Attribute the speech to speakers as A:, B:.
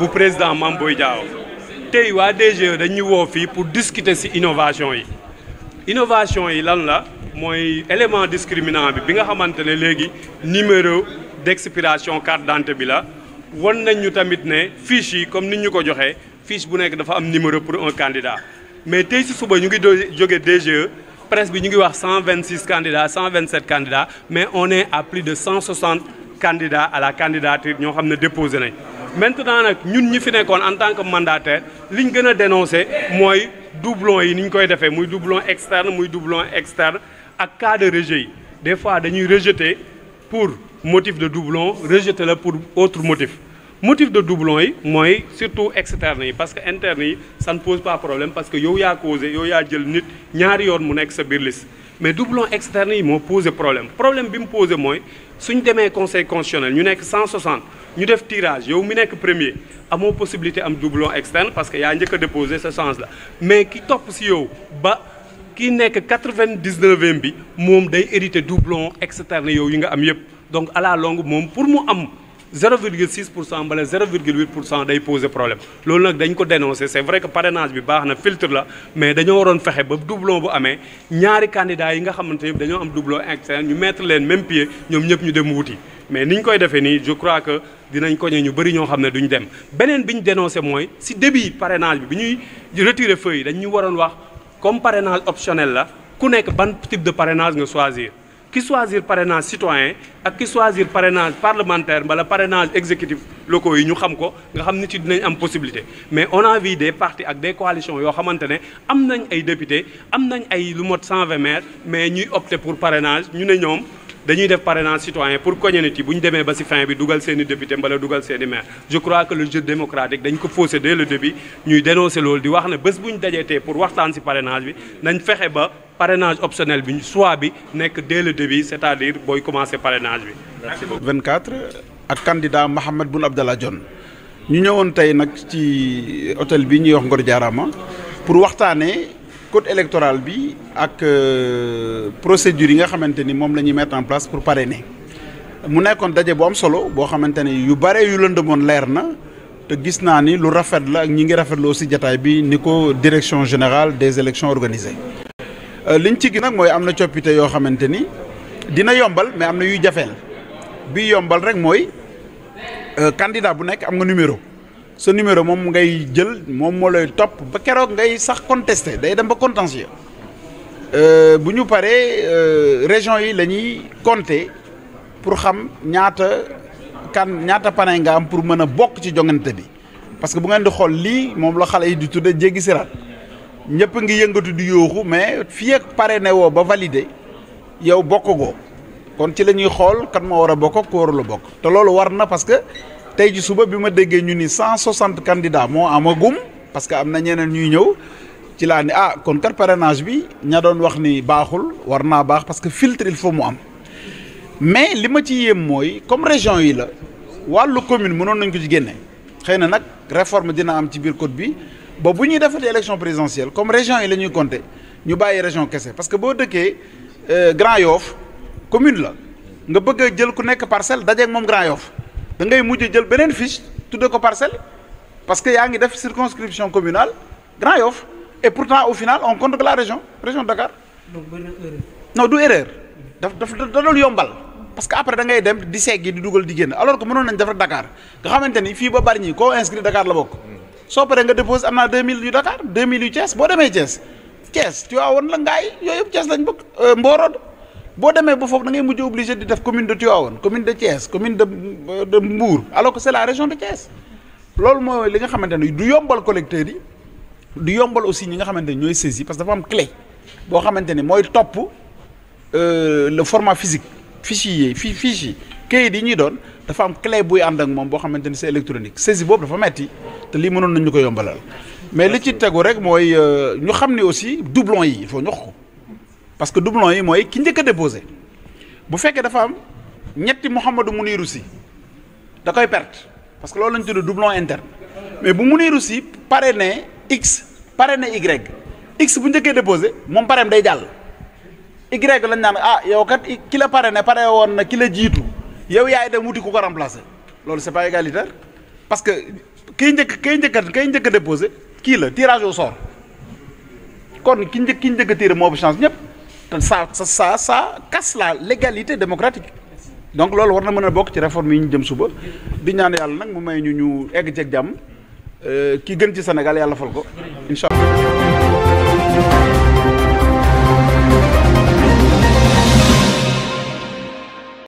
A: bu président Mame Boye Diao tey waa DGE dañuy woo fii pour discuter ci innovation yi innovation yi lan la mooy élément discriminant bi bi nga xamante ne léegi numéro d'expiration carte d'identité bi la won nañ ñu tamit ne fiche yi comme ni ñu ko joxee fiche bu nekk dafa am numéro pour un candidat mais tey ci suba ñu ngi do jóge DGE presse bi ñu ngi wax 126 vingt 127 candidats mais on est à plus de 160 candidats à la candidature ñoo xam ne déposé nañ maintenant nag ñun ñi fi nekkoon en tant que mandataire liñ gën a dénoncé mooy doublon yi ni ñu koy defee muy doublon externe muy doublon externe ak cas de rejet yi des fois dañuy rejeter pour motif de doublon rejeter la pour autre motif motif de doublon yi mooy surtout externe yi parce que interne yi ça ne pose pas problème parce que yow yaa causé yow yaa jël nit ñaari yoon mu nekk sa biir mais doublon externe yi moo posé problème problème bi mu posé mooy suñ demee conseil constitutionnel ñu nekk 160 ñu def tirage yow mi nekk premier amoo possibilité am doublon externe parce que yaa njëkk a déposé ce la mais ki topp si yow ba ki nekk vingt 99e bi moom day hérité doublon externe yow yi nga am yëpp donc à la moom pour mu am. zéro virgule six pour cent mbala zéro pour cent day poser problème loolu nag dañ ko dénoncer c'est vrai que parrainage bi baax na filtre la mais dañoo waroon fexe ba doublon bu amee ñaari candidats yi nga xamante ne dañoo am doublon externe ñu mettre leen même pied ñoom ñëpp ñu dem wuti mais ni ñu koy defee nii je crois que dinañ ko ñu bëri ñoo xam ne duñu dem beneen bi ñu dénoncé mooy si début parrainage bi bi ñuy retirer feuille dañ ñu waroon wax comme parrainage optionnel la ku nekk ban type de parrainage nga choisir. ki choisir parrainage citoyen ak ki choisir parrainage parlementaire bala parrainage exécutif locaux yi ñu xam ko nga xam nit yi dinañ am possibilité mais on a vu des partis ak des coalitions yoo xamante ne am nañ ay député am nañ ay lu mot 120 maires mais ñuy opté pour parrainage ñu ne ñoom dañuy def parrainage citoyen pour cogner yi bu demee ba ci fin bi dugal seen i député mbala dugal seen i maire je crois que le jeu démocratique dañ ko faussé dès le début ñuy dénoncer loolu di wax na bés bu ñu dajeetee pour waxtaan ci parrainage bi nañ fexe ba parrainage optionnel bi soit bi nekk dès le début c'est-à-dire booy commencer parrainage bi.
B: 24 ak candidat Mahammed Boun Abdallah Dionne ñu ñëwoon tey nag ci hôtel bi ñuy wax Ngor Diarama pour waxtaane code électoral bi ak euh, procédure yi nga xamante ni moom la ñuy mettre en place pour parrainer mu nekkoon daje bu am solo boo xamante ni yu bare yu lëndëmoon leer na te gis naa ni lu rafet la ak ñi ngi rafetlu si jataay bi ni ko direction général des élections organisées euh, liñ ci gis nag mooy am na coppite yoo xamante ni dina yombal mais am na yuy jafeel bi yombal rek mooy euh, candidat bu nekk am nga numéro sa numéro moom ngay jël moom moo lay topp ba keroog ngay sax contesté day dem ba contentieux euh, bu ñu paree euh, région yi la ñuy compter pour xam ñaata kan ñaata panay nga am pour mën a bokk ci jongante bi parce que bu ngeen di xool lii moom la xale yi di tudd a jéggi siraat ñëpp ngi yëngatu di yooxu mais fii ak pare ne woo ba validé yow bokk goo kon ci la ñuy xool kan moo war a bokk ak ku warul a bokk te loolu war na parce tey ji suba bi ma déggee ñu ni cent soixante candidats moo amagum parce que am na ñeneen ñuy ñëw ci laa ni ah kon kat parrainage bi ña doon wax ni baaxul war naa baax parce que filtre il faut mu am mais li ma ci yéem mooy comme région yi la wàllu commune mënoon nañ ko ci génne xëy na nag réforme dina am ci biir code bi ba bu ñuy defati élection présidentielle comme région yi la ñuy compter ñu bàyyi région kese parce que boo dëkkee euh, Grand Yoff commune la nga bëgg a jël ku nekk parcelle dajeeg moom Grand Yoff da ngay mujj jël beneen fiche tudde ko parcelle parce que yaa ngi def circonscription communale Grand Yoff et pourtant au final on compte que la région région de Dakar. donc du erreur. daf daf da doon yombal. parce que après da ngay dem di seggi di dugal di génn alors que mënoon nañ defar Dakar nga xamante ni fii ba bari ñi koo inscrit Dakar la bokk. soo paree nga dépose am naa 2000 yu Dakar 2000 yu Thiès boo demee Thiès Thiès tu vois woon la ngaay yooyu yëpp Thiès lañ bokk euh, boo demee ba foofu da ngay mujj di def commune de Tivaouane commune de Thiès commune de de Mbour alors que c'est la région de Thiès loolu mooy li nga xamante ne du yombal collecteur yi du yombal aussi ñi nga xamante ne ñooy saisi parce que dafa am clé boo xamante ne mooy topp euh, le format physique fichier fi fiche yi kayit yi ñuy doon dafa am clé buy ànd ak moom boo xamante ne c'est électronique saisi boobu dafa metti te lii mënoon nañu ko yombalal mais li ci tegu rek mooy euh, ñu xam ne aussi doublon yi il faut ñu ko parce que doublon yi mooy ki njëkk a déposé bu fekkee dafa am ñetti Mouhamadou Mouniru Sy da koy perte parce que loolu lañ tudd dublon interne mais bu Mouniru Sy parrainé x parrainé y x bu njëkkee déposé moom pareem day jàll y lañ naan ah yow kat kila pare ne pare woon na ki jiitu yow yaay dem wuti ku ko remplacer loolu c'est pas égalitaire parce que kay njëkk kay njëkk a kay njëkk déposé kii la tirage au sort kon ki njëkk ki njëkk a tiré moo bu chance ñëpp sa sa sa casse la légalité démocratique donc loolu war na mën a bokk ci réforme yi ñu jëm suba di ñaan yàlla nag mu may ñu ñu egg ceeg jàmm euh, ki gën ci Sénégal yàlla fal ko incha allah